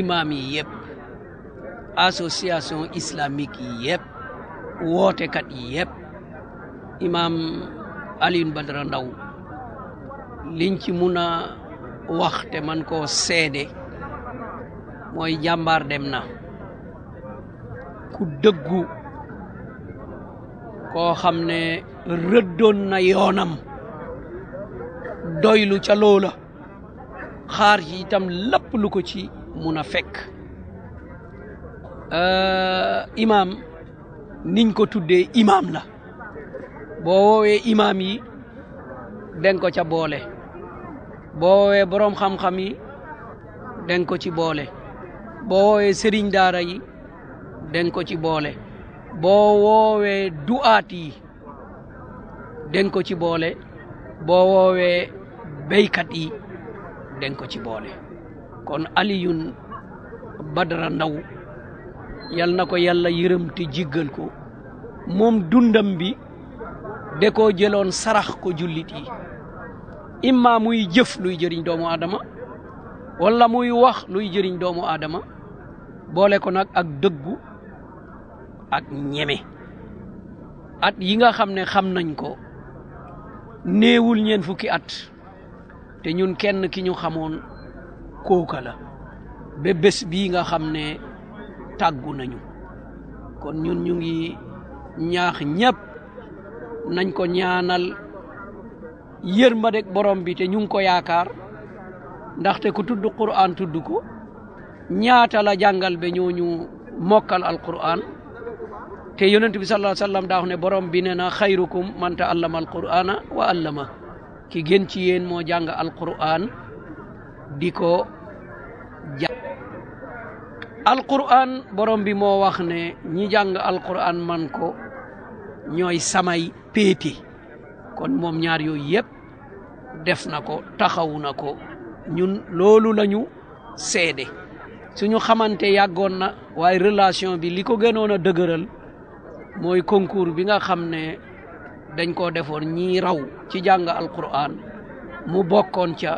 imaam yi yëpp association islamique yi woote kat yi yëpp imaam Alioune Badara Ndaw liñ ci mun a wax man koo seede mooy jàmbaar dem na ku dëggu koo xam ne rëddoon na yoonam doylu ca loola xaar ci itam lépp lu ci mun a fekk euh, imaam niñ ko tuddee imaam la boo woowee imaam yi den ko ca boole boo woowee boroom xam-xam yi den ko ci boole boo woowee sëriñ daara yi den ko ci boole boo woowee du'aat yi den ko ci boole boo woowee béykat yi den ko ci boole kon aliyun badara ndaw yal na ko yàlla yërëm ti jiggal ko moom dundam bi de ko jëloon sarax ko jullit yi imma muy jëf luy jëriñ doomu aadama wala muy wax luy jëriñ doomu aadama boole ko nag ak dëggu ak ñeme at yi nga xam ne xam nañ ko neewul ñeen fukki at te ñun kenn ki ñu xamoon kooka la ba bii nga xam ne tàggu nañu kon ñun ñu ngi ñaax ñépp nañ ko ñaanal yërmandeg borom bi te ñu ngi ko yaakaar ndaxte ku tudd Qur'an tudd ko ñaata la jàngal be ñooñu mokkal Alqur'an te yonent bi sallallahu alayhi wa sallam daa ne borom bi ne na xayrukum man ta'allama Alqur'ana wa allama ki gën ci yéen moo jàng Alqur'an di ko jàng alquran borom bi moo wax ne ñi jàng alquran man ko ñooy samay péete kon moom ñaar yooyu yëpp def na ko taxawu na ko ñun loolu lañu seede suñu xamante yàggoon na waaye relation bi li ko gënoon a dëgëral mooy concours bi nga xam ne dañ koo defoon ñii raw ci jàng alquran mu bokkoon ca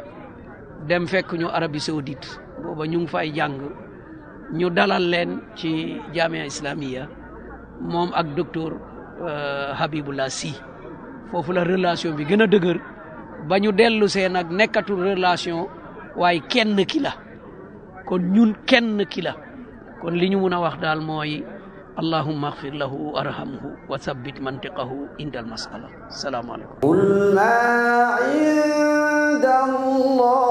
dem fekk ñu arabie saoudite booba ñu ngi fay jàng ñu dalal leen ci jamia islamia moom ak docteur euh, habibullah si foofu la relation bi gën a dëgër ba ñu dellu see nag nekkatul relation waaye kenn ki la kon ñun kenn ki la kon li ñu mun a wax daal mooy اللهم اغفر له وارحمه وثبت منطقه عند السلام عليكم قل ما عند الله